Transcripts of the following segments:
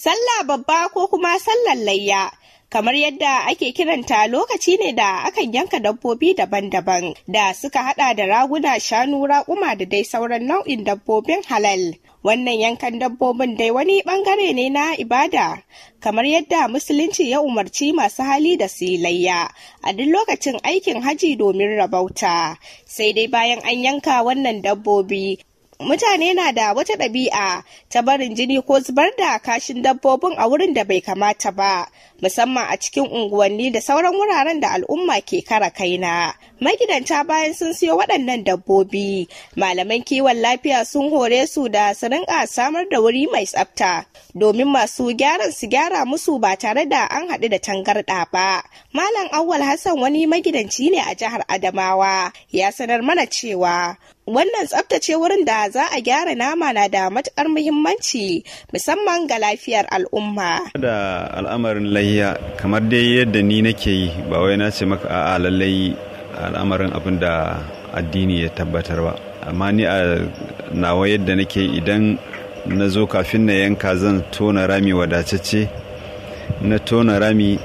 Sallah babba ko kuma sallar layya. kamar yadda ake kiranta lokaci ne da akan yanka dabbobi daban-daban da suka hada da raguna shanu raƙuma da dai sauran nau'in dabbobin halal wannan yankan dabbobin dai wani bangare ne na ibada kamar yadda musulunci ya umarci masu hali da su layya a duk lokacin aikin haji domin rabauta sai dai bayan an yanka wannan dabbobi mutane na da wata ɗabi'a ta barin jini ko zubar da kashin dabbobin a wurin da bai kamata ba musamman a cikin unguwanni da sauran wuraren da al'umma ke kara kaina magidanta bayan sun siyo waɗannan dabbobi malaman kiwon lafiya sun hore su da su rinka samar da wuri mai tsafta domin masu gyaran su gyara musu ba tare da an haɗu da tangarɗa ba malam awwal hassan wani magidanci ne a jihar adamawa ya sanar mana cewa Wannan tsabtace wurin da za a gyara nama na da matukar muhimmanci musamman ga lafiyar al'umma. Da al'amarin layya kamar dai yadda ni nake yi ba wai na ce maka a lallai al'amarin abin da addini ya tabbatar ba. Amma ni a nawa yadda nake idan na zo kafin na yanka zan tona rami wadatacce na tona rami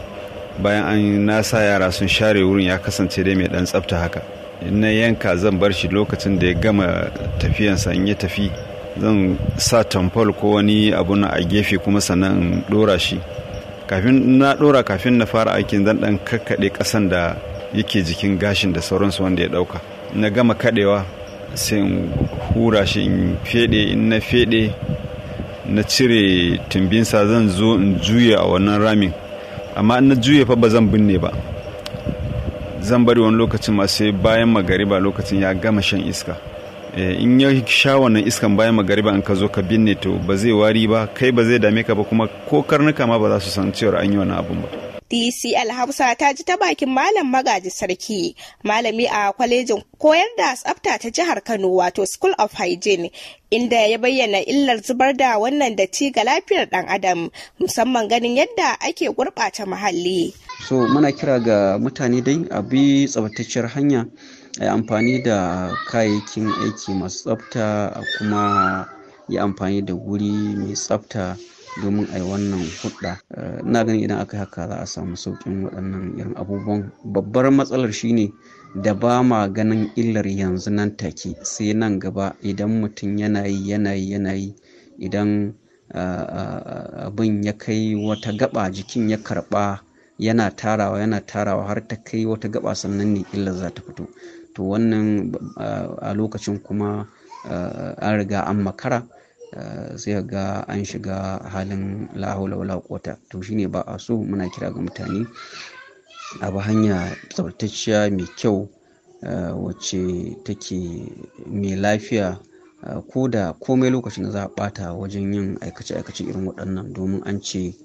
bayan an nasa yara sun share wurin ya kasance dai mai dan tsafta haka in na yanka zan bar shi lokacin da ya gama tafiyansa in ya tafi zan sa tamfol ko wani abu na a gefe kuma sannan dora shi kafin na dora kafin na fara aikin zan dan kakkaɗe ƙasan da yake jikin gashin da sauransu wanda ya ɗauka na gama kaɗewa sai in hura shi in feɗe in na feɗe na cire tumbinsa zan zo in juya a wannan ramin amma in na juya fa ba zan binne ba zan bari wani lokacin ma sai bayan magariba lokacin ya gama shan iska eh, in ya sha wannan iskan bayan magariba in ka zo ka binne to ba zai wari ba kai ba zai dame ka ba kuma ko karnuka ma ba za su san cewar an yi wani abun ba DCL Hausa ta ji ta bakin Malam Magaji Sarki, malami a kwalejin koyar da tsafta ta jihar Kano wato School of Hygiene, inda ya bayyana illar zubar da wannan datti ga lafiyar dan adam, musamman ganin yadda ake gurɓata muhalli. So muna kira ga mutane dai a bi tsabtacciyar hanya, a amfani da kayayyakin aiki masu tsafta kuma yi amfani da wuri mai tsafta domin a yi wannan hudda eh, ina ganin idan aka haka za a samu saukin waɗannan irin abubuwan babbar matsalar shine da ba ma ganin illar yanzu nan take sai nan gaba idan mutum yana yi yana yi yana yi idan abin ya kai wata gaba jikin ya karba yana tarawa yana tarawa har ta kai wata gaba sannan ne illar za ta fito to wannan a lokacin kuma an riga an makara eh, sai a ga an shiga halin lahaula wala kota to shine ba a so muna kira ga mutane a ba hanya tsabtacciya mai kyau eh, wacce take mai lafiya eh, ko da komai lokacin da za a bata wajen yin aikace-aikace irin waɗannan domin an ce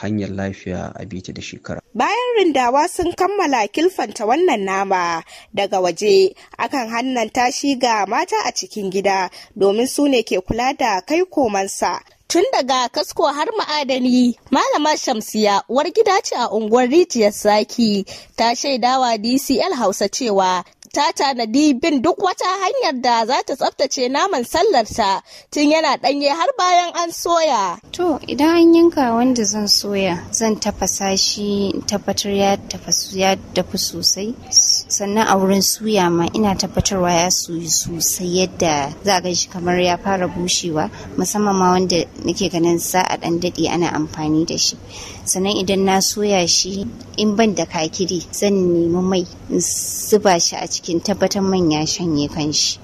hanyar lafiya a bita da shekara. Bayan rindawa sun kammala kilfanta wannan nama daga waje akan hannan shi ga mata a cikin gida domin su ne ke kula da kai komansa. Tun daga kasko har ma'adani, Malama Shamsiya, uwar gida ce a unguwar Rijiyar Saki, ta shaidawa DCL Hausa cewa ta tanadi bin duk wata hanyar da za ta tsaftace naman sallarta tun yana ɗanye har bayan an soya. To idan an yanka wanda zan soya zan tafasa shi tabbatar ya tafasu ya dafu sosai sannan a wurin suya ma ina tabbatarwa ya soyu sosai yadda za a shi kamar ya fara bushewa musamman ma wanda nake ganin za a dan daɗe ana amfani da shi sannan idan na soya shi in ban da kakiri zan nemi mai in zuba shi a cikin tabbatar man ya shanye kan shi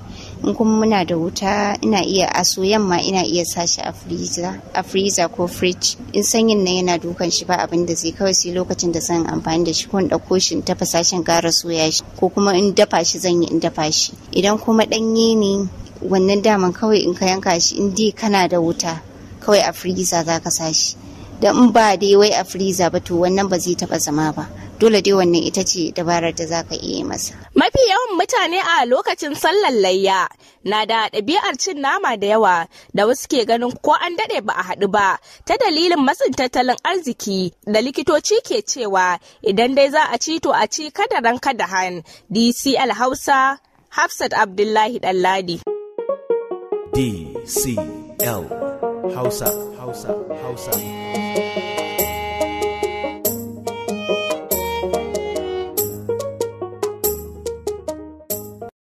in kuma muna da wuta ina iya a soyan ma ina iya sa shi a freezer ko fridge in sanyin nan yana dukan shi ba abin da zai kawai sai lokacin da zan amfani da shi ko in ɗauko shi in tafasa shi gara soya shi ko kuma in dafa shi zan yi in dafa shi idan kuma ɗanye ne wannan daman kawai in ka yanka shi in dai kana da wuta kawai a freezer za ka sa shi da in ba dai wai a freezer ba to wannan ba zai taba zama ba dole dai wannan ita ce dabarar da za ka iya masa mafi yawan mutane a lokacin sallar layya na da ɗabi'ar cin nama da yawa da wasu ke ganin ko an daɗe ba a haɗu ba ta dalilin matsin tattalin arziki da likitoci ke cewa idan dai za a ci to a ci kada ran kada han dcl hausa hafsat abdullahi ɗanladi dcl Hausa, Hausa, Hausa.